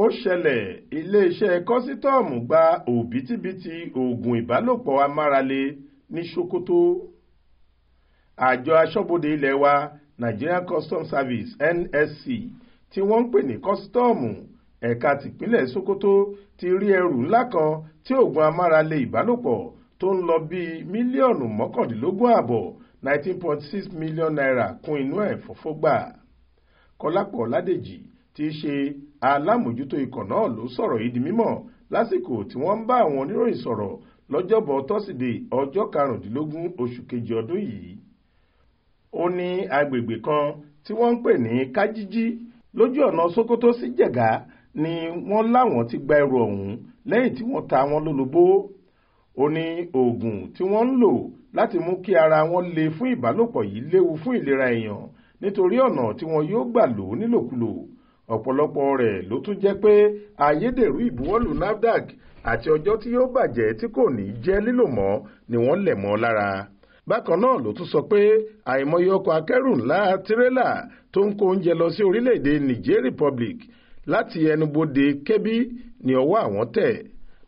ó ṣẹlẹ̀ iléeṣẹ́ kọ́sítọ́ọ̀mù gba òbítíbitì oògùn ìbálòpọ̀ amárale ní Sokoto àjọ aṣọ́bodè ilé wa Nigeria Customs Service NSC tí wọ́n ń pè ní kọ́sítọ́ọ̀mù ẹ̀ka tìpínlẹ̀ Sokoto ti rí ẹrù ńlá kan tí oògùn amárale ìbálòpọ̀ tó ń lọ bíi mílíọ̀nù mọ́kàndínlógún ààbọ̀ nineteen point six million naira kún inú ẹ̀ fọ́fọ́ gbà Kọlápọ̀ Ládèjì ti ṣe alámòjútó ikọ̀ náà ló sọ̀rọ̀ yìí di mímọ̀ lásìkò tí wọ́n ń bá àwọn oníròyìn sọ̀rọ̀ lọ́jọ́bọ̀ tọ́sídẹ̀ẹ́ ọjọ́ karùndínlógún oṣù kejì ọdún yìí ó ní agbègbè kan tí wọ́n ń pè ní kájíjí lójú ọ̀nà Sókótó sí Jẹ̀gá ni wọ́n láwọn ti gba ẹrù ọ̀hún lẹ́yìn tí wọ́n ta wọn lólobó ó ní oògùn tí wọ́n ń lò láti mú kí ara wọn le fún ìbálòpọ̀ yìí léwu fún ìlera èèyàn nítorí ọ̀nà tí wọn yóò gbà lò nílòkulò ọ̀pọ̀lọpọ̀ rẹ̀ ló tún jẹ́ pé ayédèrú ìbuwọ́lù nafdac àti ọjọ́ tí yóò bàjẹ́ tí kò ní jẹ́ lílò mọ́ ni wọ́n lẹ̀ mọ́ lára bákan náà ló tún sọ pé àìmọye ọkọ̀ akẹ́rù ńlá tirẹ́là tó ń kó oúnjẹ lọ sí orílẹ̀-èdè Niger Republic láti ẹnubodè Kébí ni ọwọ́ àwọn tẹ̀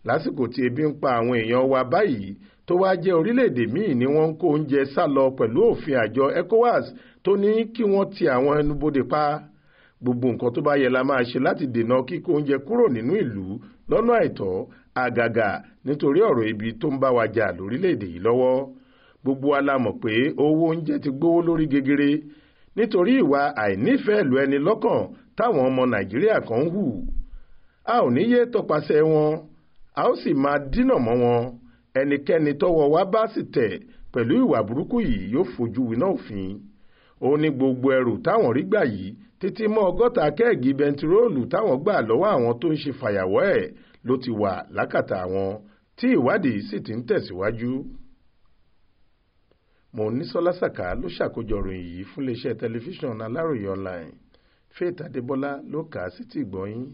lásìkò tí ebi ń pa àwọn èèyàn wa báyìí tó wáá jẹ́ orílẹ̀-èdè míì ni wọ́n ń kó oúnjẹ sá lọ pẹ̀lú òfin àjọ ECOWAS tó ní kí wọ́n ti àwọn ẹnubodè pa gbogbo nǹkan tó bá yẹ la máa ṣe láti dènà kíkó oúnjẹ kúrò nínú ìlú lọ́nà àìtọ́ àgàgà nítorí ọ̀rọ̀ ibi tó ń bá wa jà lórílẹ̀‐èdè yìí lọ́wọ́ gbogbo wa la mọ̀ pé owó oúnjẹ ti gbówó lórí gegere nítorí ìwà àìnífẹ̀ẹ́ lu ẹni lọ́kàn táwọn ọmọ nàìjíríà kan ń hù a ò ní yé tọpasẹ̀ wọn a ó sì máa dínà mọ́ wọn ẹnikẹ́ni tọ́wọ́ wa bá sì tẹ̀ pẹ̀lú ìwà burúkú yìí yóò fojú winá òfin ó ní gbogbo ẹrù táwọn rí gbà yìí títí mọ́ ọgọ́ta kẹ́ẹ̀gì bẹntiróòlù táwọn gbà lọ́wọ́ àwọn tó ń ṣe fàyàwọ́ ẹ̀ ló ti wà lákàtà àwọn tí ìwádìí sì ti ń tẹ̀síwájú. Mọ́nísọ́lá Sàká ló ṣàkójọ ròyìn yìí fún iléeṣẹ́ tẹlifíṣàn Aláròyé online Faith Adébọ́lá ló kà á sí tìgbọ́yìn.